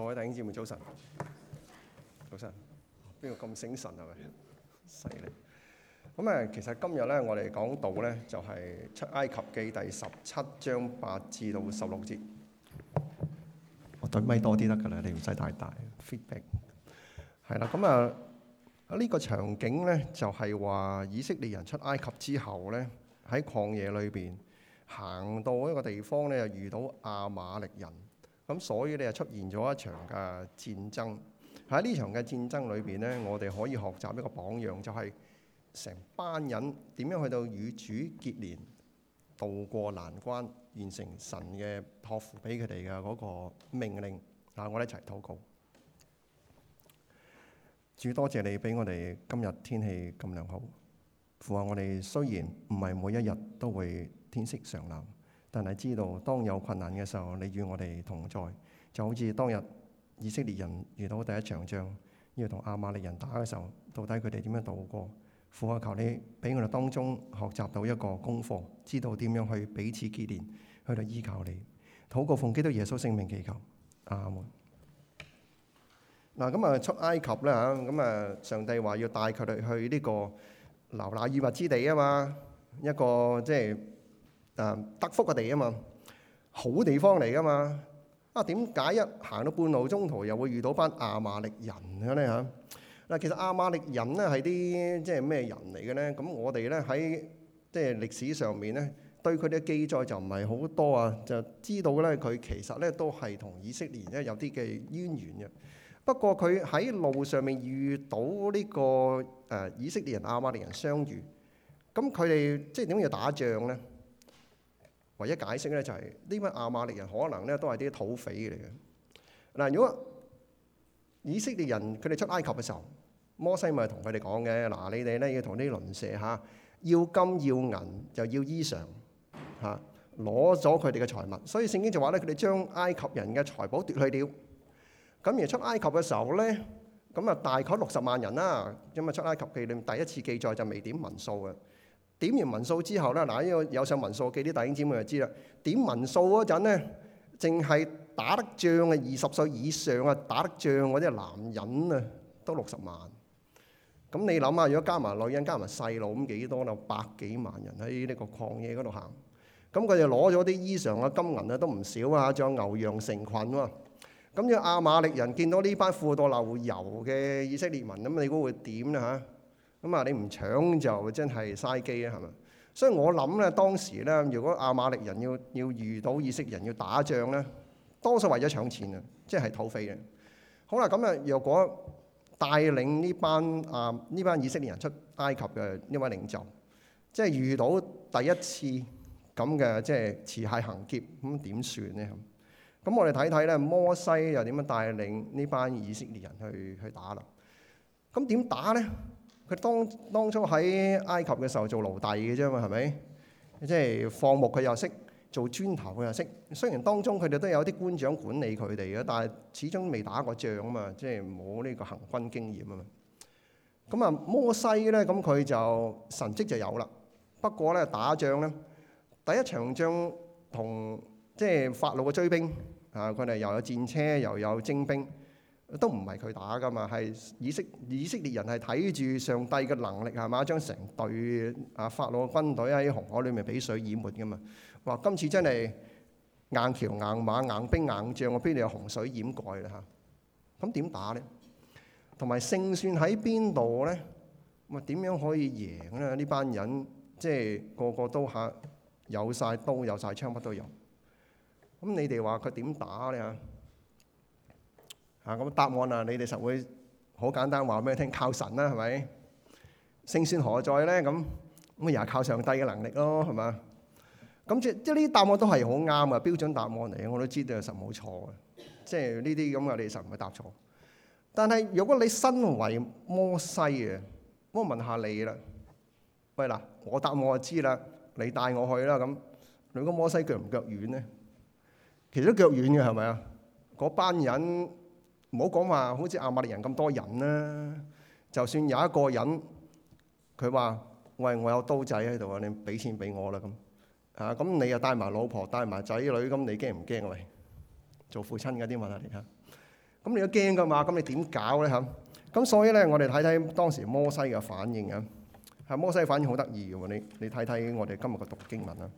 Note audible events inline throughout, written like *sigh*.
各位弟兄姊妹，早晨，早晨，邊個咁醒神，係咪犀利？咁啊，其實今日咧，我哋講到咧，就係出埃及記第十七章八至到十六節。我對咪多啲得㗎啦，你唔使太大。Feedback。係啦，咁啊，呢個場景咧，就係話以色列人出埃及之後咧，喺曠野裏邊行到一個地方咧，又遇到亞瑪力人。咁所以咧就出現咗一場嘅戰爭，喺呢場嘅戰爭裏邊咧，我哋可以學習一個榜樣，就係成班人點樣去到與主結連，渡過難關，完成神嘅託付俾佢哋嘅嗰個命令。嗱，我哋一齊禱告。主多謝你俾我哋今日天氣咁良好，奉愛我哋雖然唔係每一日都會天色常藍。但係知道，當有困難嘅時候，你與我哋同在，就好似當日以色列人遇到第一場仗，要同阿瑪利人打嘅時候，到底佢哋點樣渡過？父啊，求你俾我哋當中學習到一個功課，知道點樣去彼此結連，去到依靠你。禱告奉基督耶穌聖名祈求，阿門。嗱、啊，咁啊出埃及咧，咁啊上帝話要帶佢哋去呢、這個流奶與蜜之地啊嘛，一個即係。誒得、啊、福嘅地啊嘛，好地方嚟噶嘛啊！點解一行到半路，中途又會遇到班亞瑪力人咧嚇？嗱、啊，其實亞瑪力人咧係啲即係咩人嚟嘅咧？咁我哋咧喺即係歷史上面咧，對佢哋嘅記載就唔係好多啊，就知道咧佢其實咧都係同以色列咧有啲嘅淵源嘅。不過佢喺路上面遇到呢、這個誒、呃、以色列人亞瑪力人相遇，咁佢哋即係點樣要打仗咧？唯一解釋咧就係呢班亞瑪力人可能咧都係啲土匪嚟嘅。嗱，如果以色列人佢哋出埃及嘅時候，摩西咪同佢哋講嘅。嗱，你哋咧要同啲鄰舍吓，要金要銀就要衣裳吓，攞咗佢哋嘅財物，所以聖經就話咧佢哋將埃及人嘅財寶奪去了。咁而出埃及嘅時候咧，咁啊大概六十萬人啦，咁啊出埃及記裏面第一次記載就未點民數嘅。點完民數之後咧，嗱，因為有上民數，我記啲弟兄姊妹就知啦。點民數嗰陣咧，淨係打得仗嘅二十歲以上啊，打得仗嗰啲男人啊，都六十萬。咁你諗下，如果加埋女人、加埋細路，咁幾多啦？百幾萬人喺呢個曠野嗰度行。咁佢就攞咗啲衣裳啊、金銀啊，都唔少啊。仲有牛羊成群喎。咁樣亞瑪力人見到呢班富到流油嘅以色列民，咁你估會點咧嚇？咁啊！你唔搶就真係嘥機啊，係嘛？所以我諗咧，當時咧，如果亞瑪力人要要遇到以色列人要打仗咧，多數為咗搶錢、就是、啊，即係土匪啊。好啦，咁啊，若果帶領呢班啊呢班以色列人出埃及嘅呢位領袖，即係遇到第一次咁嘅即係持械行劫，咁點算咧？咁我哋睇睇咧，摩西又點樣帶領呢班以色列人去去打啦？咁點打咧？佢當當初喺埃及嘅時候做奴隸嘅啫嘛，係咪？即係放牧，佢又識，做磚頭，佢又識。雖然當中佢哋都有啲官長管理佢哋嘅，但係始終未打過仗啊嘛，即係冇呢個行軍經驗啊嘛。咁啊摩西咧，咁佢就神跡就有啦。不過咧，打仗咧，第一場仗同即係法老嘅追兵啊，佢哋又有戰車，又有精兵。都唔係佢打噶嘛，係以色以色列人係睇住上帝嘅能力，係嘛？將成隊啊法老軍隊喺紅海裡面俾水淹沒噶嘛。話今次真係硬橋硬馬硬兵硬將，我邊度有洪水淹蓋啦嚇？咁點打咧？同埋勝算喺邊度咧？咁啊點樣可以贏咧？呢班人即係、就是、個個都嚇有晒刀有晒槍乜都有。咁你哋話佢點打咧？啊！咁答案啊，你哋實會好簡單話畀你聽，靠神啦，係咪？勝算何在咧？咁咁又係靠上帝嘅能力咯，係嘛？咁即即呢啲答案都係好啱嘅標準答案嚟嘅，我都知道係實冇錯嘅，即係呢啲咁我哋實唔係答錯。但係如果你身為摩西啊，我問下你啦。喂嗱，我答案我就知啦，你帶我去啦。咁如果摩西腳唔腳軟咧？其實都腳軟嘅係咪啊？嗰班人。唔好講話，好似亞瑪利人咁多人啦。就算有一個人，佢話：喂，我有刀仔喺度啊，你俾錢俾我啦咁。啊，咁你又帶埋老婆，帶埋仔女，咁你驚唔驚啊？喂，做父親嗰啲問下你啊。咁你都驚噶嘛？咁你點搞咧嚇？咁所以咧，我哋睇睇當時摩西嘅反應啊。係摩西嘅反應好得意嘅喎。你你睇睇我哋今日嘅讀經文啦。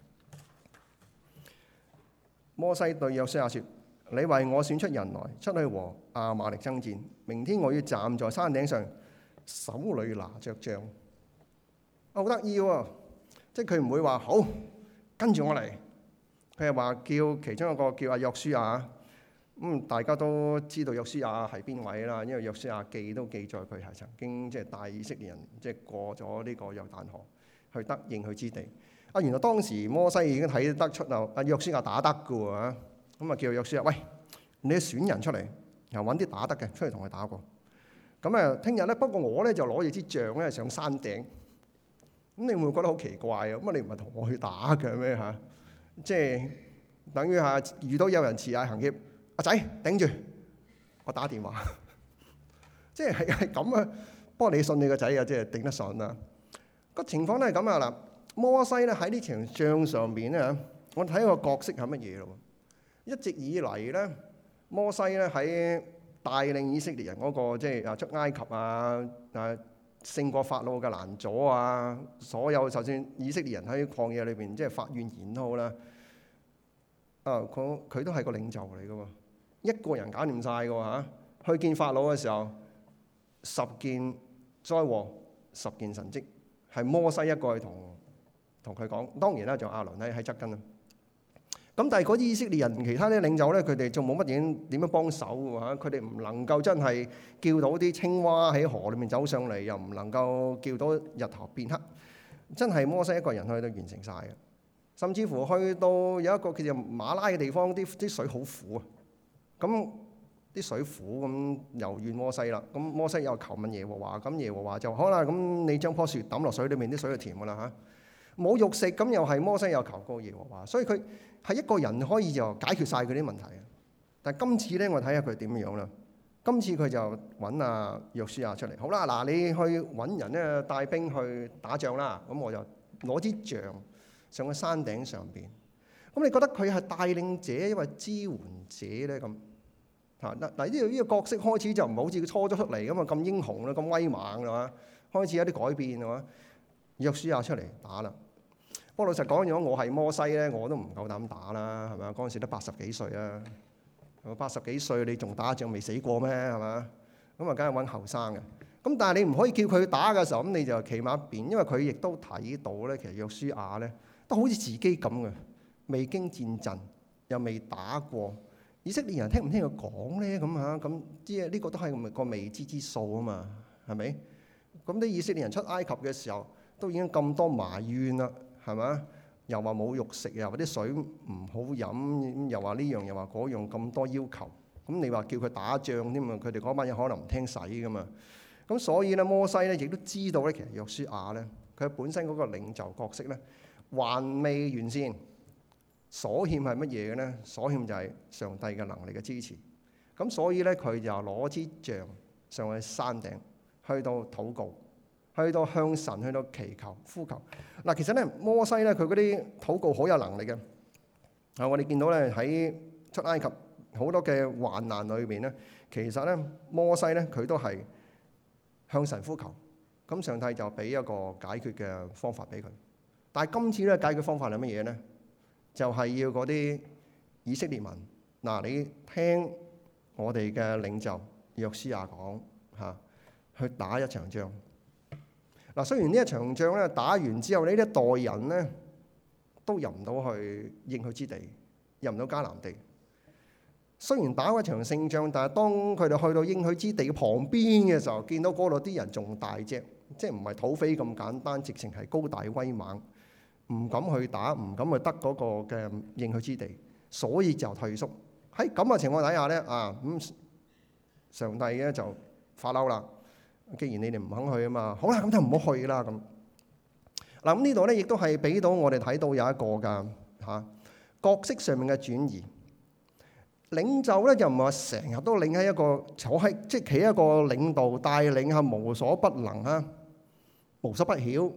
摩西對約書亞説。你為我選出人來，出去和亞瑪、啊、力爭戰。明天我要站在山頂上，手裏拿着杖。我好得意喎，即係佢唔會話好跟住我嚟，佢係話叫其中一個叫阿約書亞。咁、嗯、大家都知道約書亞係邊位啦，因為約書亞記都記載佢係曾經即係、就是、帶以色列人即係、就是、過咗呢個約旦河去得應許之地。啊，原來當時摩西已經睇得出啊，阿約書亞打得噶喎。咁啊，就叫約書亞，喂，你選人出嚟，然後揾啲打得嘅出嚟同佢打過。咁啊，聽日咧，不過我咧就攞住支杖咧上山頂。咁你會唔會覺得好奇怪啊？咁啊，你唔係同我去打嘅咩嚇？即係等於係遇到有人持刀行劫，阿仔頂住，我打電話。 *laughs* 即係係係咁啊！不過你信你個仔啊，即係頂得順啦。個情況都係咁啊啦。摩西咧喺呢場仗上面咧，我睇個角色係乜嘢咯？一直以嚟咧，摩西咧喺帶領以色列人嗰個即係啊出埃及啊，啊勝過法老嘅難阻啊，所有就算以色列人喺曠野裏邊即係發怨言都好啦，啊佢佢都係個領袖嚟噶嘛，一個人搞掂晒嘅吓，去見法老嘅時候，十件災禍，十件神蹟，係摩西一個去同同佢講。當然啦，就阿倫喺喺側跟啦。咁但係嗰啲以色列人，其他啲領袖咧，佢哋仲冇乜嘢點樣幫手㗎嚇？佢哋唔能夠真係叫到啲青蛙喺河裡面走上嚟，又唔能夠叫到日頭變黑，真係摩西一個人去到完成晒嘅。甚至乎去到有一個叫做馬拉嘅地方，啲啲水好苦啊。咁啲水苦咁又怨摩西啦。咁摩西又求問耶和華，咁耶和華就好啦。咁你將棵樹抌落水裡面，啲水就甜㗎啦嚇。冇肉食咁又係摩西又求告耶和華，所以佢。係一個人可以就解決晒佢啲問題嘅，但係今次咧，我睇下佢點樣啦。今次佢就揾阿約書亞、啊、出嚟，好啦，嗱你去揾人咧帶兵去打仗啦。咁我就攞支杖上去山頂上邊。咁你覺得佢係帶領者，因為支援者咧咁嚇。嗱，嗱呢度呢個角色開始就唔好似佢初咗出嚟咁啊咁英雄咯，咁威猛係嘛？開始有啲改變係嘛？約書亞、啊、出嚟打啦。我老實講，如果我係摩西咧，我都唔夠膽打啦，係嘛？嗰陣時都八十幾歲啦，八十幾歲你仲打仗未死過咩？係嘛？咁啊，梗係揾後生嘅。咁但係你唔可以叫佢打嘅時候，咁你就企埋一邊，因為佢亦都睇到咧。其實約書亞咧都好似自己咁嘅，未經戰陣，又未打過以色列人聽聽，聽唔聽佢講咧？咁吓咁，即係呢個都係個未知之數啊嘛，係咪？咁你以色列人出埃及嘅時候都已經咁多埋怨啦。係嘛？又話冇肉食，又話啲水唔好飲，又話呢樣又話嗰樣咁多要求。咁你話叫佢打仗添嘛？佢哋嗰班嘢可能唔聽使噶嘛。咁所以咧，摩西咧亦都知道咧，其實約書亞咧，佢本身嗰個領袖角色咧，還未完善。所欠係乜嘢嘅咧？所欠就係上帝嘅能力嘅支持。咁所以咧，佢就攞支杖上去山頂，去到禱告。去到向神，去到祈求呼求。嗱，其實咧摩西咧佢嗰啲禱告好有能力嘅啊！我哋見到咧，喺出埃及好多嘅患難裏面咧，其實咧摩西咧佢都係向神呼求，咁，上帝就俾一個解決嘅方法俾佢。但係今次咧，解決方法係乜嘢咧？就係要嗰啲以色列民嗱，你聽我哋嘅領袖約書亞講嚇，去打一場仗。嗱，雖然呢一場仗咧打完之後，呢一代人咧都入唔到去應許之地，入唔到迦南地。雖然打過場勝仗，但係當佢哋去到應許之地嘅旁邊嘅時候，見到嗰度啲人仲大隻，即係唔係土匪咁簡單，直情係高大威猛，唔敢去打，唔敢去得嗰個嘅應許之地，所以就退縮。喺咁嘅情況底下咧，啊咁、嗯、上帝咧就發嬲啦。既然你哋唔肯去啊嘛，好啦，咁就唔好去啦。咁嗱，咁、啊、呢度咧，亦都係俾到我哋睇到有一個噶嚇、啊、角色上面嘅轉移。領袖咧就唔係話成日都領喺一個坐喺即係企一個領導帶領下無所不能啊，無所不曉，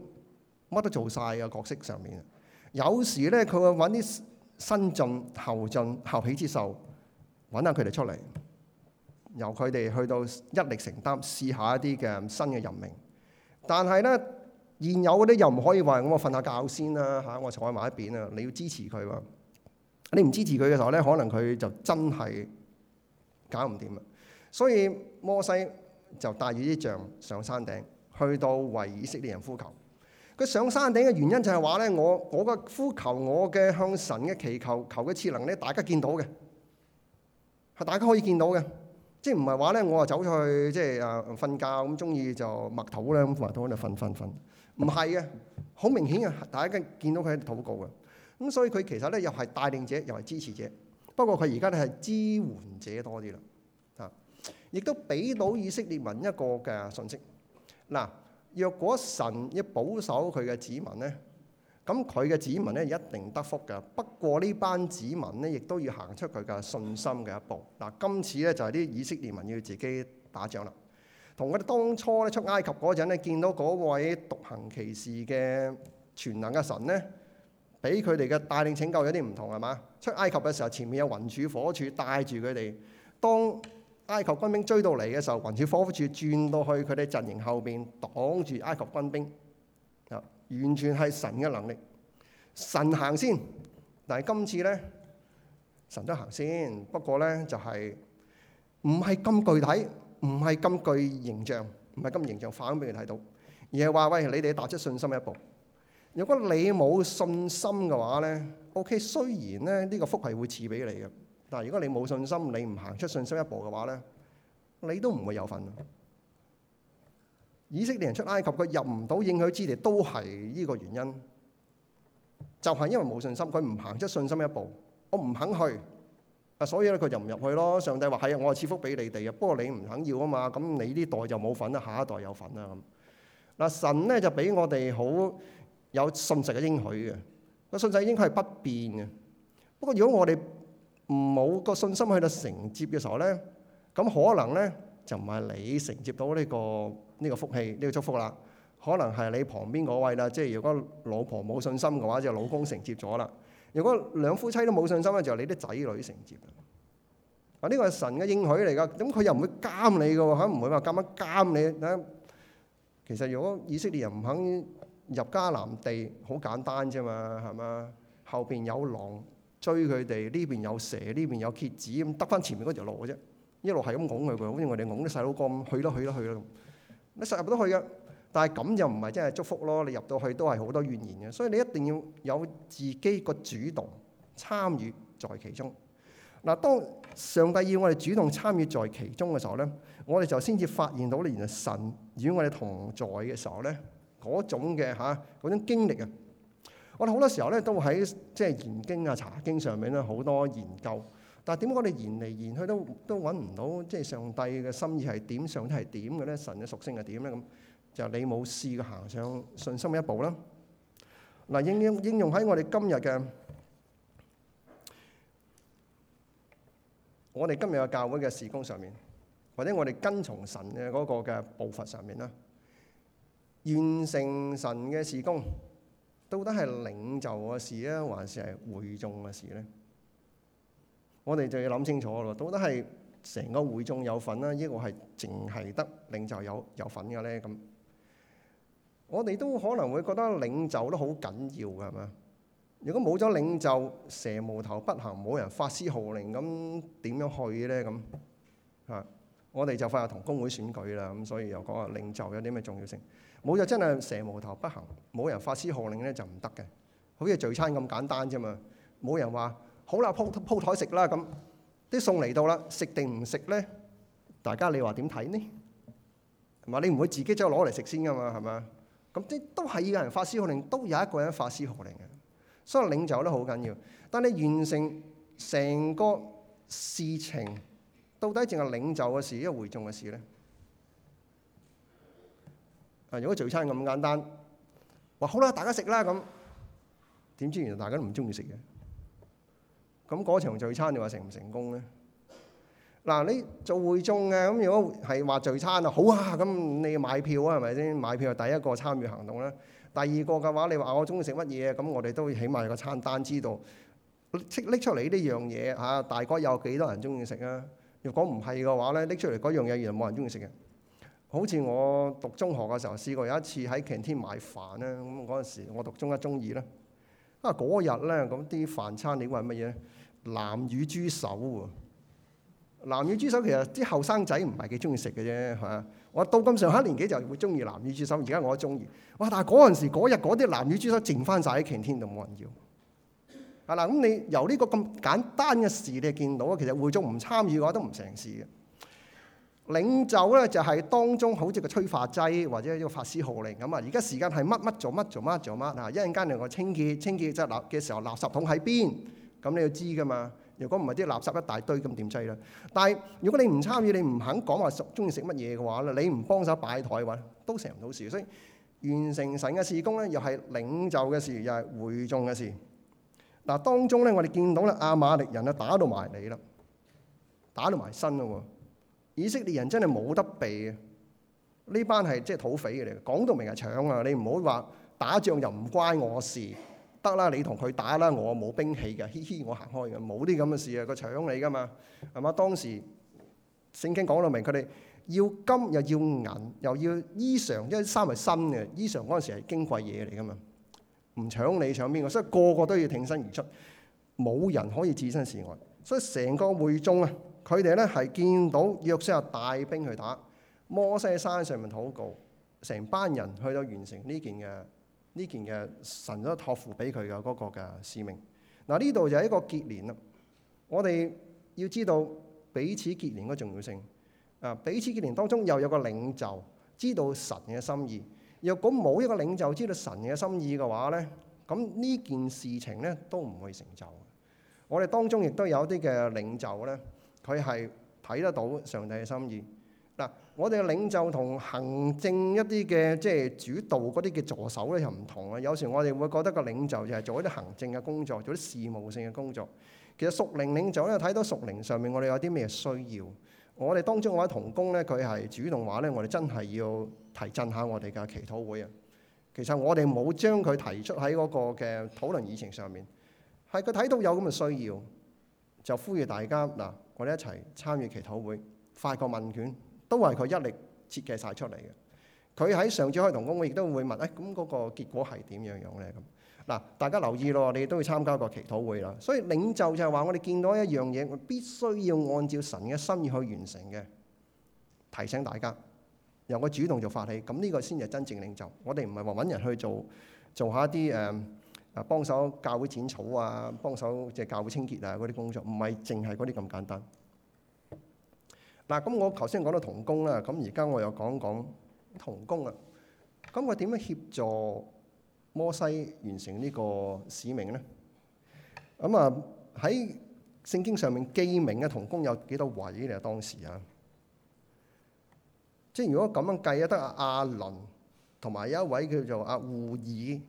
乜都做晒嘅角色上面。有時咧佢會揾啲新進、後進、後起之秀揾下佢哋出嚟。由佢哋去到一力承擔，試下一啲嘅新嘅任命。但係咧，現有嗰啲又唔可以話咁，我瞓下覺先啦嚇，我坐喺埋一邊啊！你要支持佢嘛？你唔支持佢嘅時候咧，可能佢就真係搞唔掂。所以摩西就帶住啲杖上山頂，去到為以色列人呼求。佢上山頂嘅原因就係話咧，我我嘅呼求，我嘅向神嘅祈求，求嘅恆能咧，大家見到嘅係大家可以見到嘅。即係唔係話咧，我啊走咗去，即係誒瞓覺咁中意就默禱咧，咁默禱喺度瞓瞓瞓。唔係嘅，好明顯嘅，大家已經見到佢喺度禱告嘅。咁所以佢其實咧又係帶領者，又係支持者。不過佢而家咧係支援者多啲啦。啊，亦都俾到以色列民一個嘅信息。嗱，若果神要保守佢嘅子民咧。咁佢嘅子民咧一定得福噶，不過呢班子民咧亦都要行出佢嘅信心嘅一步。嗱，今次咧就係啲以色列民要自己打仗啦。同佢哋當初咧出埃及嗰陣咧見到嗰位獨行其事嘅全能嘅神咧，俾佢哋嘅帶領拯救有啲唔同係嘛？出埃及嘅時候前面有雲柱火柱帶住佢哋，當埃及軍兵追到嚟嘅時候，雲柱火柱轉到去佢哋陣營後邊擋住埃及軍兵。完全係神嘅能力，神行先。但係今次咧，神都行先。不過咧，就係唔係咁具體，唔係咁具形象，唔係咁形象，反而俾你睇到。而係話：喂，你哋踏出信心一步。如果你冇信心嘅話咧，OK。雖然咧呢個福係會賜俾你嘅，但係如果你冇信心，你唔行出信心一步嘅話咧，你都唔會有份。以色列人出埃及，佢入唔到應許之地，都係呢個原因，就係因為冇信心。佢唔行出信心一步，我唔肯去啊，所以咧佢就唔入去咯。上帝話：係啊，我係賜福俾你哋啊，不過你唔肯要啊嘛，咁你呢代就冇份啦，下一代有份啦咁。嗱，神咧就俾我哋好有信實嘅應許嘅，個信實應許係不變嘅。不過如果我哋唔冇個信心去到承接嘅時候咧，咁可能咧就唔係你承接到呢個。呢個福氣，呢個祝福啦，可能係你旁邊嗰位啦。即係如果老婆冇信心嘅話，就老公承接咗啦。如果兩夫妻都冇信心嘅時候，你啲仔女承接啦。啊，呢個係神嘅應許嚟㗎。咁佢又唔會監你嘅喎，嚇唔會話監乜監你。其實如果以色列人唔肯入迦南地，好簡單啫嘛，係嘛？後邊有狼追佢哋，呢邊有蛇，呢邊有蠍子，咁得翻前面嗰條路啫。一路係咁拱佢嘅喎，好似我哋拱啲細佬哥咁，去都去啦，去啦。去你實入到去嘅，但係咁又唔係真係祝福咯。你入到去都係好多怨言嘅，所以你一定要有自己個主動參與在其中。嗱，當上帝要我哋主動參與在其中嘅時候咧，我哋就先至發現到咧，原來神與我哋同在嘅時候咧，嗰種嘅嚇嗰種經歷啊！我哋好多時候咧都喺即係研經啊、查經上面咧好多研究。但係點解我哋言嚟言去都都揾唔到，即係上帝嘅心意係點，上帝係點嘅咧？神嘅屬性係點咧？咁就你冇試過行上信心嘅一步啦。嗱，應應應用喺我哋今日嘅我哋今日嘅教會嘅事工上面，或者我哋跟從神嘅嗰個嘅步伐上面啦，完成神嘅事工，到底係領袖嘅事咧，還是係會眾嘅事咧？我哋就要諗清楚咯，到底係成個會眾有份啦，依個係淨係得領袖有有份嘅咧咁。我哋都可能會覺得領袖都好緊要嘅係嘛？如果冇咗領袖，蛇無頭不行，冇人發施號令咁點樣去咧咁？啊，我哋就快又同工會選舉啦，咁所以又講下領袖有啲咩重要性？冇就真係蛇無頭不行，冇人發施號令咧就唔得嘅，好似聚餐咁簡單啫嘛，冇人話。好啦，鋪鋪台食啦，咁啲餸嚟到啦，食定唔食咧？大家你話點睇咧？同埋你唔會自己即係攞嚟食先噶嘛？係咪啊？咁啲都係要有人發施號令，都有一個人發施號令嘅，所以領走領袖咧好緊要。但你完成成個事情，到底淨係領袖嘅事，一個會眾嘅事咧，啊，如果聚餐咁簡單，話好啦，大家食啦咁，點知原來大家唔中意食嘅？咁嗰場聚餐你話成唔成功咧？嗱，你做會眾嘅，咁如果係話聚餐啊，好啊，咁你買票啊，係咪先？買票係第一個參與行動啦。第二個嘅話，你話我中意食乜嘢，咁我哋都起碼有個餐單知道，拎出嚟呢樣嘢嚇，大概有幾多人中意食啊？如果唔係嘅話咧，拎出嚟嗰樣嘢原來冇人中意食嘅。好似我讀中學嘅時候試過有一次喺 canteen 買飯咧，咁嗰陣時我讀中一中二啦。啊嗰日咧，咁啲飯餐你估係乜嘢？南乳豬手喎，南乳豬手其實啲後生仔唔係幾中意食嘅啫，係、啊、嘛？我到咁上下年紀就會中意南乳豬手，而家我都中意。哇！但係嗰陣時嗰日嗰啲南乳豬手剩翻晒喺擎天度冇人要。係、啊、啦，咁你由呢個咁簡單嘅事你見到，其實會眾唔參與嘅話都唔成事嘅。領袖咧就係當中好似個催化劑或者一個發施號令咁啊！而家時間係乜乜做乜做乜做乜啊！一陣間令我清潔清潔執垃圾嘅時候，垃圾桶喺邊？咁你要知噶嘛？如果唔係啲垃圾一大堆，咁點制啦？但係如果你唔參與，你唔肯講話食鍾意食乜嘢嘅話咧，你唔幫手擺台嘅話都成唔到事。所以完成神嘅事工咧，又係領袖嘅事，又係會眾嘅事。嗱，當中咧我哋見到咧亞瑪力人啊打到埋你啦，打到埋身喎！以色列人真係冇得避啊。呢班係即係土匪嚟嘅。講到明係搶啊！你唔好話打仗又唔關我事，得啦，你同佢打啦，我冇兵器嘅，嘻嘻，我行開嘅，冇啲咁嘅事啊，佢搶你噶嘛，係嘛？當時聖經講到明，佢哋要金又要銀，又要衣裳，因為衫係新嘅，衣裳嗰陣時係矜貴嘢嚟㗎嘛，唔搶你搶邊個？所以個個都要挺身而出，冇人可以置身事外，所以成個會眾。啊！佢哋咧係見到約書亞帶兵去打，摩西喺山上面禱告，成班人去到完成呢件嘅呢件嘅神都託付俾佢嘅嗰個嘅使命。嗱，呢度就係一個結連啦。我哋要知道彼此結連嘅重要性啊！彼此結連當中又有個領袖知道神嘅心意。若果冇一個領袖知道神嘅心意嘅話咧，咁呢件事情咧都唔會成就。我哋當中亦都有啲嘅領袖咧。佢係睇得到上帝嘅心意嗱。我哋嘅領袖同行政一啲嘅即係主導嗰啲嘅助手咧又唔同啊。有時我哋會覺得個領袖就係做一啲行政嘅工作，做啲事務性嘅工作。其實屬靈領袖咧睇到屬靈上面，我哋有啲咩需要，我哋當中我喺同工咧，佢係主動話咧，我哋真係要提振下我哋嘅祈禱會啊。其實我哋冇將佢提出喺嗰個嘅討論議程上面，係佢睇到有咁嘅需要，就呼籲大家嗱。我哋一齊參與祈禱會，發個問卷，都係佢一力設計晒出嚟嘅。佢喺上次開同工會，亦都會問，誒、哎，咁嗰個結果係點樣樣咧？咁嗱，大家留意咯，你都要參加個祈禱會啦。所以領袖就係話，我哋見到一樣嘢，我必須要按照神嘅心意去完成嘅。提醒大家，由我主動做發起，咁呢個先係真正領袖。我哋唔係話搵人去做，做下一啲誒。Um, 啊，幫手教會剪草啊，幫手即係教會清潔啊，嗰啲工作唔係淨係嗰啲咁簡單。嗱，咁我頭先講到童工啦，咁而家我又講講童工啊。咁我點樣協助摩西完成呢個使命咧？咁啊，喺聖經上面記名嘅童工有幾多位咧？當時啊，即係如果咁樣計啊，得亞亞倫同埋有一位叫做阿戶珥。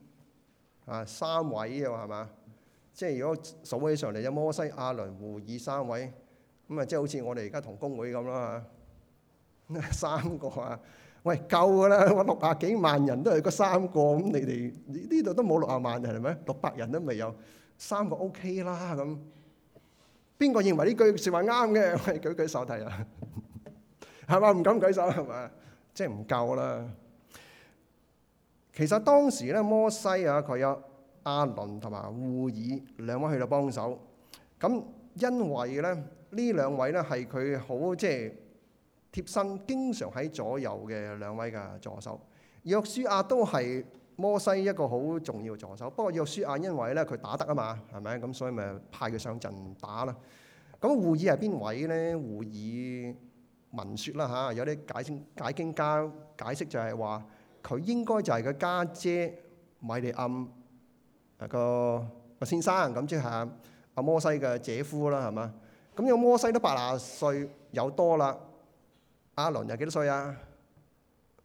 啊，三位嘅係嘛？即係如果數起上嚟有摩西、亞倫、胡爾三位，咁啊，即係好似我哋而家同工會咁啦嚇，三個啊，喂夠㗎啦！我六十幾萬人都係嗰三個，咁你哋呢度都冇六十萬人係咪？六百人都未有，三個 OK 啦咁。邊個認為呢句説話啱嘅？喂，舉舉手睇下，係嘛？唔敢舉手係嘛？即係唔夠啦。其實當時咧，摩西啊，佢有阿倫同埋護爾兩位去到幫手。咁因為咧，呢兩位咧係佢好即係貼身，經常喺左右嘅兩位嘅助手。約書亞都係摩西一個好重要助手。不過約書亞因為咧佢打得啊嘛，係咪？咁所以咪派佢上陣打啦。咁護爾係邊位咧？護爾文説啦嚇，有啲解經解經家解釋就係話。佢應該就係佢家姐米利暗啊個阿先生，咁即係阿摩西嘅姐夫啦，係嘛？咁有摩西都八十歲有多啦，阿倫又幾多歲啊？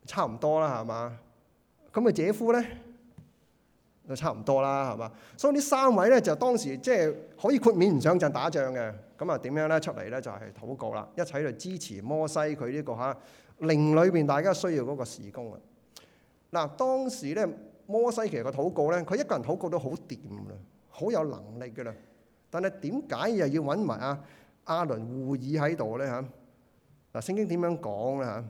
差唔多啦，係嘛？咁佢姐夫咧就差唔多啦，係嘛？所以呢三位咧就當時即係可以豁免唔上陣打仗嘅。咁啊點樣咧出嚟咧，就係禱告啦，一齊度支持摩西佢呢個嚇靈裏邊大家需要嗰個事工啊！嗱，當時咧，摩西其實個禱告咧，佢一個人禱告都好掂啦，好有能力嘅啦。但係點解又要揾埋阿阿倫戶珥喺度咧？嚇嗱，聖經點樣講咧？嚇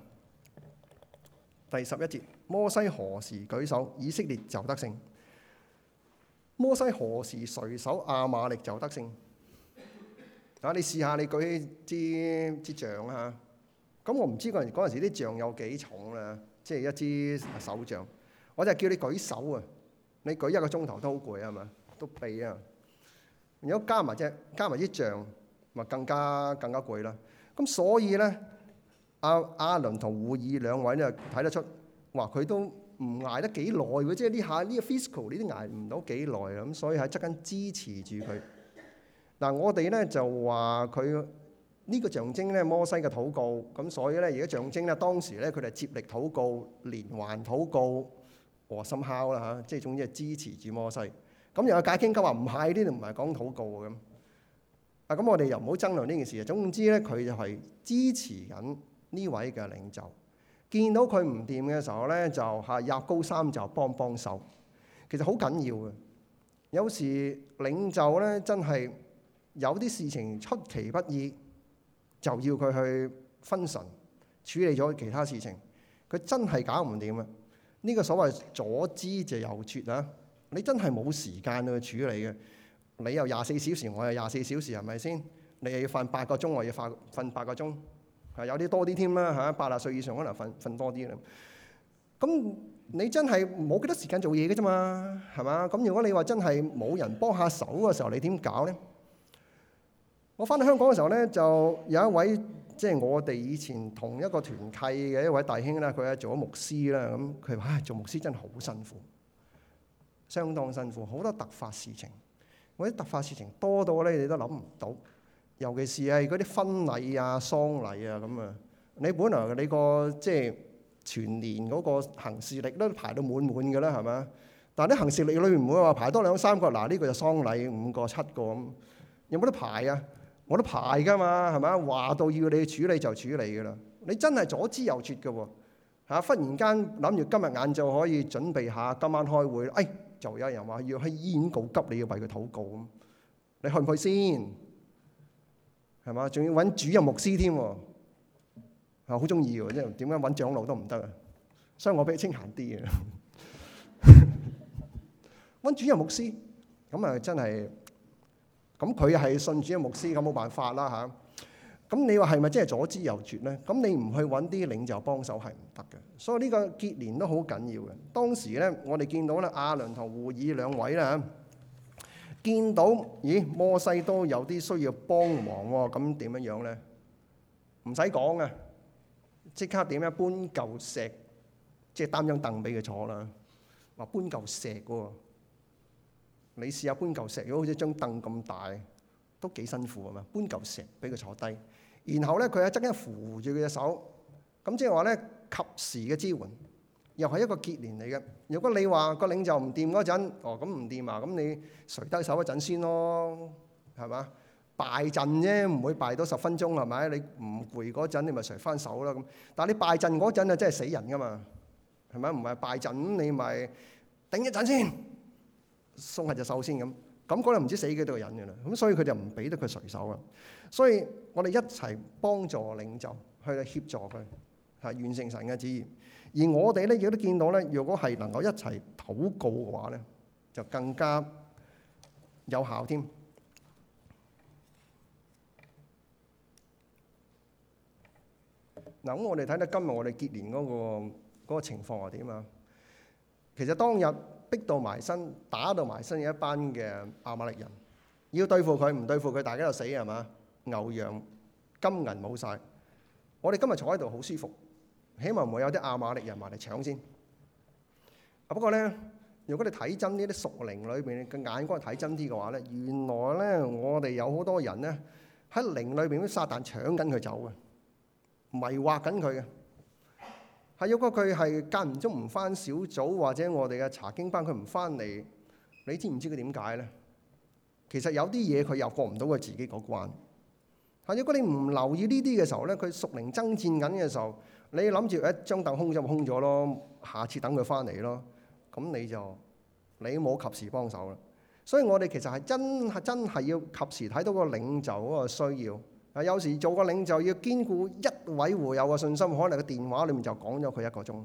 第十一節，摩西何時舉手，以色列就得勝；摩西何時垂手，亞瑪力就得勝。嗱，你試下你舉支支杖啦嚇。咁我唔知嗰陣嗰陣時啲杖有幾重啦。即係一支手杖，我就係叫你舉手啊！你舉一個鐘頭都好攰啊，係嘛？都痺啊！如果加埋隻加埋啲杖，咪更加更加攰啦。咁所以咧，阿阿倫同胡爾兩位咧，睇得出，話佢都唔捱得幾耐喎！即係呢下呢個 fiscal，你都捱唔到幾耐啦。咁所以喺側跟支持住佢。嗱，我哋咧就話佢。呢個象徵咧，摩西嘅禱告咁，所以咧而家象徵咧，當時咧佢哋接力禱告，連環禱告，和心敲啦嚇，即係總之係支持住摩西。咁又有解經家話唔係呢度，唔係講禱告咁啊。咁我哋又唔好爭論呢件事啊。總之咧，佢就係支持緊呢位嘅領袖，見到佢唔掂嘅時候咧，就嚇入高三就幫幫手，其實好緊要嘅。有時領袖咧真係有啲事情出其不意。就要佢去分神處理咗其他事情，佢真係搞唔掂啊！呢個所謂左支就右絀啊！你真係冇時間去處理嘅。你又廿四小時，我又廿四小時，係咪先？你又要瞓八個鐘，我要瞓瞓八個鐘，係有啲多啲添啦嚇。八十歲以上可能瞓瞓多啲啦。咁你真係冇幾多時間做嘢嘅啫嘛，係嘛？咁如果你話真係冇人幫下手嘅時候，你點搞咧？我返到香港嘅時候咧，就有一位即係、就是、我哋以前同一個團契嘅一位大兄啦，佢係做咗牧師啦，咁佢話做牧師真係好辛苦，相當辛苦，好多突發事情。嗰啲突發事情多到咧，你都諗唔到。尤其是係嗰啲婚禮啊、喪禮啊咁啊，你本來你個即係全年嗰個行事曆都排到滿滿㗎啦，係咪啊？但係啲行事曆裏面唔會話排多兩三個，嗱呢個就喪禮五個七個咁，有冇得排啊？我都排噶嘛，係嘛？話到要你處理就處理噶啦。你真係左支右絀噶喎，嚇！忽然間諗住今日晏晝可以準備下，今晚開會，哎，就有人話要喺醫院告急，你要為佢禱告咁，你去唔去先？係嘛？仲要搵主任牧師添，啊，好中意嘅，即係點樣搵長老都唔得啊。所以我比你清閒啲嘅，搵主任牧師咁啊，真係。咁佢係信主嘅牧師，咁冇辦法啦嚇。咁你話係咪真係左支右絀咧？咁你唔去揾啲領袖幫手係唔得嘅。所以呢個結連都好緊要嘅。當時咧，我哋見到咧亞倫同戶珥兩位咧嚇，見到咦摩西都有啲需要幫忙喎，咁點樣樣咧？唔使講啊，即刻點樣搬嚿石，即係擔張凳俾佢坐啦。話搬嚿石喎。你試下搬嚿石，如果好似張凳咁大，都幾辛苦啊嘛！搬嚿石俾佢坐低，然後咧佢喺側邊扶住佢隻手，咁即係話咧，及時嘅支援，又係一個結連嚟嘅。如果你話個領袖唔掂嗰陣，哦咁唔掂啊，咁你垂低手一陣先咯，係嘛？敗陣啫，唔會敗多十分鐘，係咪？你唔攰嗰陣，你咪垂翻手啦咁。但係你敗陣嗰陣啊，真係死人噶嘛，係咪？唔係敗陣，你咪頂一陣先。送下隻手先咁，咁嗰度唔知死幾多個人嘅啦，咁所以佢就唔俾得佢隨手啊。所以我哋一齊幫助領袖去協助佢，係完成神嘅旨意。而我哋咧亦都見到咧，若果係能夠一齊禱告嘅話咧，就更加有效添。嗱，咁我哋睇睇今日我哋結連嗰個情況係點啊？其實當日，逼到埋身，打到埋身嘅一班嘅亞瑪力人，要對付佢唔對付佢，大家就死係嘛？牛羊、金銀冇晒，我哋今日坐喺度好舒服，起碼唔會有啲亞瑪力人埋嚟搶先，啊。不過咧，如果你睇真呢啲屬靈裏邊嘅眼光睇真啲嘅話咧，原來咧我哋有好多人咧喺靈裏邊啲撒但搶緊佢走嘅，迷惑緊佢嘅。係，如果佢係間唔中唔翻小組或者我哋嘅查經班，佢唔翻嚟，你知唔知佢點解咧？其實有啲嘢佢又過唔到佢自己嗰關係。係如果你唔留意呢啲嘅時候咧，佢屬靈爭戰緊嘅時候，你諗住一張凳空咗咪空咗咯，下次等佢翻嚟咯，咁你就你冇及時幫手啦。所以我哋其實係真係真係要及時睇到個領袖嗰個需要。啊！有時做個領袖要堅固一位會友嘅信心，可能個電話裏面就講咗佢一個鐘。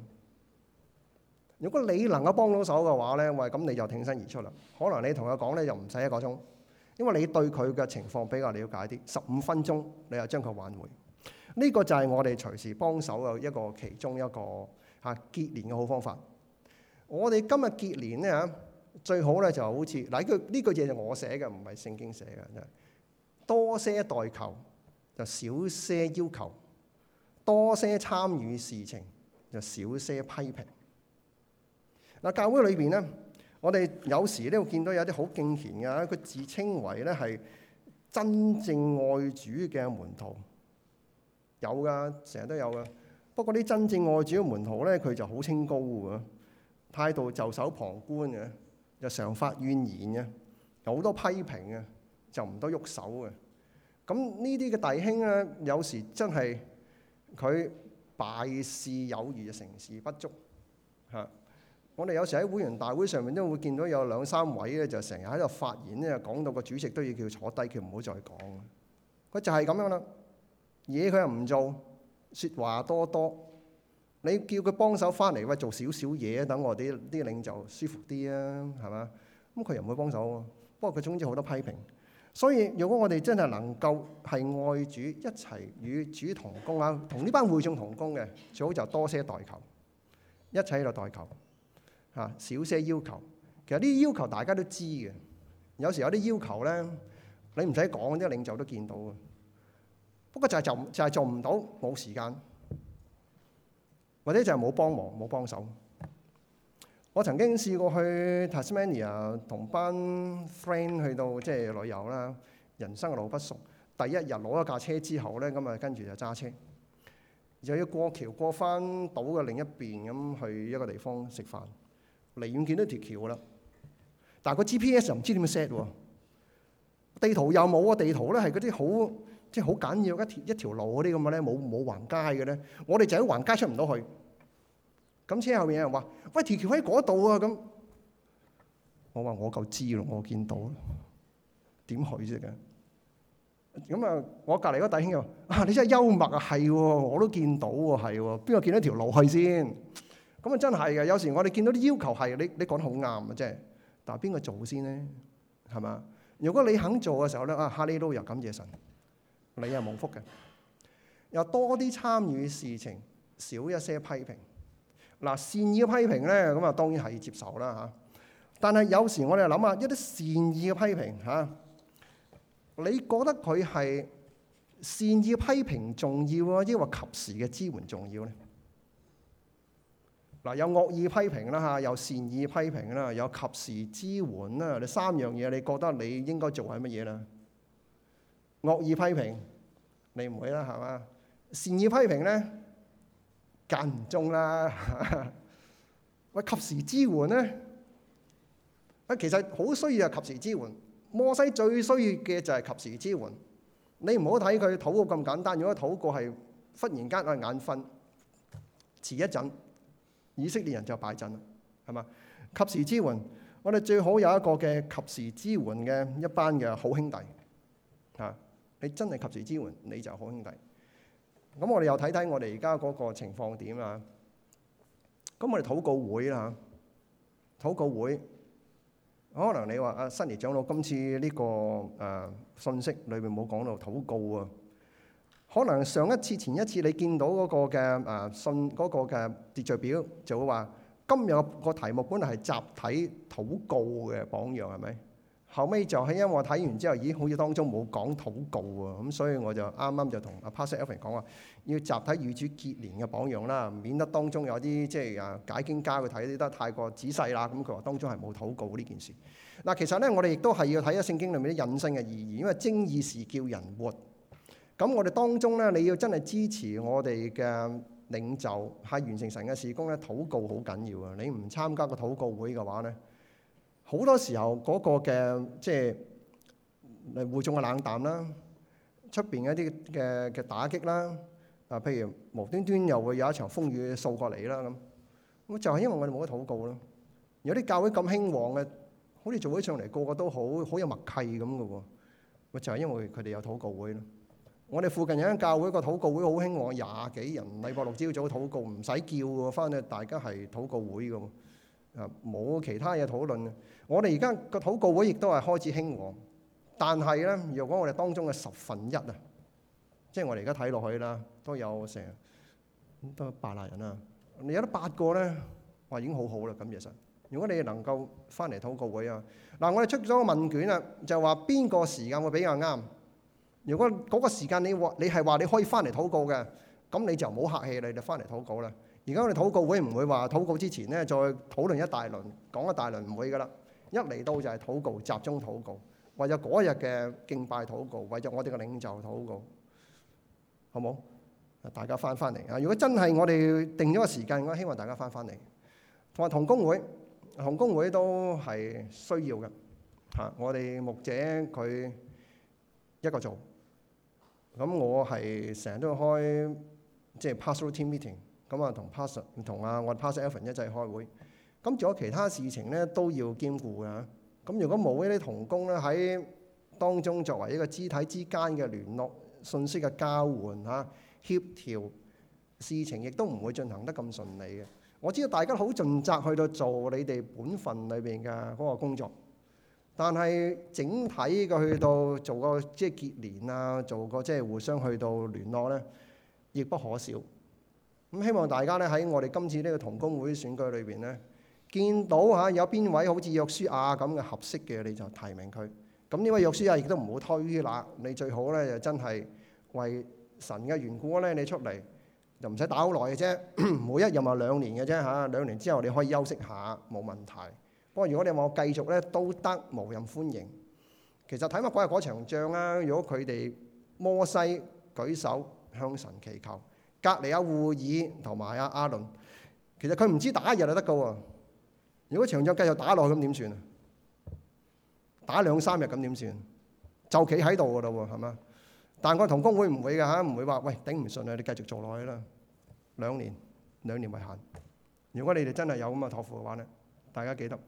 如果你能夠幫到手嘅話咧，喂，咁你就挺身而出啦。可能你同佢講咧就唔使一個鐘，因為你對佢嘅情況比較了解啲，十五分鐘你又將佢挽回。呢、這個就係我哋隨時幫手嘅一個其中一個嚇、啊、結連嘅好方法。我哋今日結連咧嚇，最好咧就好似嗱，呢句呢句嘢就我寫嘅，唔係聖經寫嘅，多些代求，就少些要求，多些參與事情，就少些批評。嗱，教會裏邊咧，我哋有時都會見到有啲好敬虔嘅，佢自稱為咧係真正愛主嘅門徒，有噶，成日都有噶。不過啲真正愛主嘅門徒咧，佢就好清高嘅，態度袖手旁觀嘅，又常發怨言嘅，有好多批評嘅，就唔多喐手嘅。咁呢啲嘅弟兄咧，有時真係佢敗事有餘，成事不足嚇。我哋有時喺會員大會上面都會見到有兩三位咧，就成日喺度發言咧，講到個主席都要叫佢坐低，佢唔好再講。佢就係咁樣啦，嘢佢又唔做，説話多多。你叫佢幫手翻嚟，喂做少少嘢，等我哋啲領袖舒服啲啊，係嘛？咁佢又唔會幫手喎。不過佢總之好多批評。所以如果我哋真係能夠係愛主，一齊與主同工啊，同呢班會眾同工嘅最好就多些代求，一齊喺度代求嚇，少些要求。其實啲要求大家都知嘅，有時有啲要求咧，你唔使講，啲領袖都見到嘅。不過就係就就係做唔到，冇時間，或者就係冇幫忙冇幫手。我曾經試過去 Tasmania 同班 friend 去到即係旅遊啦。人生路不熟，第一日攞咗架車之後咧，咁啊跟住就揸車，又要過橋過翻島嘅另一邊，咁去一個地方食飯。離遠見到條橋啦，但係個 GPS 又唔知點樣 set 喎，地圖又冇啊，地圖咧，係嗰啲好即係好簡要一一條路嗰啲咁嘅咧，冇冇橫街嘅咧，我哋就喺橫街出唔到去。咁車後面有人話，喂，條橋喺嗰度啊！咁，我話我夠知咯，我見到點去啫。咁啊，我隔離嗰弟兄又話啊，你真係幽默啊，係喎，我都見到喎，係喎，邊個見到條路去先？咁啊，真係嘅。有時我哋見到啲要求係你，你講得好啱啊，真係，但係邊個做先咧？係嘛？如果你肯做嘅時候咧，啊哈利路亞，感謝神，你係蒙福嘅。又多啲參與事情，少一些批評。嗱，善意嘅批評咧，咁啊當然係接受啦嚇。但係有時我哋諗下一啲善意嘅批評嚇、啊，你覺得佢係善意批評重要啊，抑或及時嘅支援重要咧？嗱、啊，有惡意批評啦嚇、啊，有善意批評啦、啊，有及時支援啦，你、啊、三樣嘢，你覺得你應該做係乜嘢咧？惡意批評你唔會啦，係嘛？善意批評咧？間唔中啦， *laughs* 喂，及時支援咧，啊，其實好需要啊，及時支援。摩西最需要嘅就係及時支援。你唔好睇佢禱告咁簡單，如果禱告係忽然間啊眼瞓，遲一陣，以色列人就敗陣啦，係嘛？及時支援，我哋最好有一個嘅及時支援嘅一班嘅好兄弟，嚇、啊，你真係及時支援，你就好兄弟。咁我哋又睇睇我哋而家嗰個情況點啊？咁我哋禱告會啦，禱告會可能你話啊，Sunny 長老今次呢、這個誒信、啊、息裏邊冇講到禱告啊。可能上一次、前一次你見到嗰個嘅誒、啊、信嗰、嗰個嘅秩序表就會話今日個題目本來係集體禱告嘅榜樣，係咪？後尾就喺因為我睇完之後，咦？好似當中冇講禱告喎，啊，咁所以我就啱啱就同阿 Pastor Evan 講話，要集體與主結連嘅榜樣啦，免得當中有啲即係啊解經家去睇得太過仔細啦。咁佢話當中係冇禱告呢件事。嗱，其實咧，我哋亦都係要睇下聖經裡面啲人性嘅意義，因為精意是叫人活。咁我哋當中咧，你要真係支持我哋嘅領袖係完成神嘅事工咧，禱告好緊要啊！你唔參加個禱告會嘅話咧？好多時候嗰個嘅即係會眾嘅冷淡啦，出邊一啲嘅嘅打擊啦，啊譬如無端端又會有一場風雨掃過嚟啦咁，咁就係因為我哋冇得禱告咯。有啲教會咁興旺嘅，好似做起上嚟個個都好好有默契咁嘅喎，咪就係因為佢哋有禱告會咯。我哋附近有一間教會個禱告會好興旺，廿幾人禮拜六朝早禱告，唔使叫喎，翻去大家係禱告會嘅。啊！冇其他嘢討論啊！我哋而家個禱告會亦都係開始興旺，但係咧，如果我哋當中嘅十分一啊，即係我哋而家睇落去啦，都有成都係八廿人啦。你有得八個咧，話已經好好啦咁其實。如果你係能夠翻嚟禱告會啊，嗱，我哋出咗個問卷啦，就話邊個時間會比較啱？如果嗰個時間你話你係話你可以翻嚟禱告嘅，咁你就唔好客氣啦，你就翻嚟禱告啦。而家我哋禱告會唔會話禱告之前咧再討論一大輪，講一大輪，唔會㗎喇，一嚟到就係禱告，集中禱告，為咗嗰日嘅敬拜禱告，為咗我哋嘅領袖禱告，好冇？啊，大家翻返嚟啊！如果真係我哋定咗個時間，我希望大家翻返嚟。同埋同工會，同工會都係需要嘅嚇。我哋牧者佢一個做，咁我係成日都要開即係 pastoral team meeting。咁啊，同 Pastor 唔同啊，我哋 Pastor Evan 一齊開會。咁仲有其他事情咧，都要兼顧嘅。咁如果冇呢啲同工咧，喺當中作為一個肢體之間嘅聯絡、信息嘅交換嚇、啊、協調事情，亦都唔會進行得咁順利嘅。我知道大家好盡責去到做你哋本份裏邊嘅嗰個工作，但係整體嘅去到做個即係結連啊，做個即係互相去到聯絡咧，亦不可少。咁希望大家咧喺我哋今次呢個同工會選舉裏邊咧，見到嚇有邊位好似約書亞咁嘅合適嘅，你就提名佢。咁呢位約書亞亦都唔好推啦，你最好咧就真係為神嘅緣故咧，你出嚟就唔使打好耐嘅啫，每一任咪兩年嘅啫嚇，兩年之後，你可以休息下冇問題。不過如果你話我繼續咧，都得，無任歡迎。其實睇乜鬼啊嗰場仗啊！如果佢哋摩西舉手向神祈求。隔籬阿護爾同埋阿阿倫，其實佢唔知打一日就得嘅喎。如果場仗繼續打落去咁點算？打兩三日咁點算？就企喺度噶啦，係嘛？但係我同工會唔會嘅吓，唔會話喂頂唔順啊，你繼續做落去啦。兩年，兩年為限。如果你哋真係有咁嘅託付嘅話咧，大家記得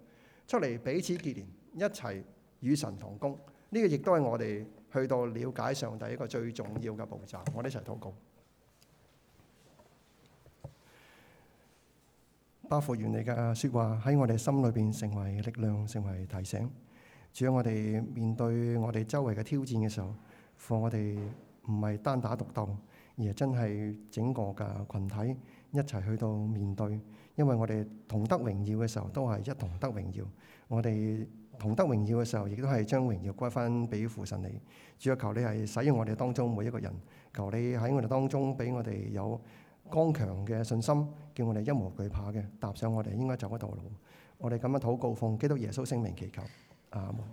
出嚟彼此結連，一齊與神同工。呢個亦都係我哋去到了解上帝一個最重要嘅步驟。我哋一齊禱告。包覆完你嘅説話，喺我哋心裏邊成為力量，成為提醒。主，要我哋面對我哋周圍嘅挑戰嘅時候，讓我哋唔係單打獨鬥，而係真係整個嘅群體一齊去到面對。因為我哋同得榮耀嘅時候，都係一同得榮耀。我哋同得榮耀嘅時候，亦都係將榮耀歸翻俾父神你。主啊，求你係使用我哋當中每一個人，求你喺我哋當中俾我哋有剛強嘅信心，叫我哋一無懼怕嘅，踏上我哋應該走嘅道路。我哋咁樣禱告，奉基督耶穌聖名祈求，阿門。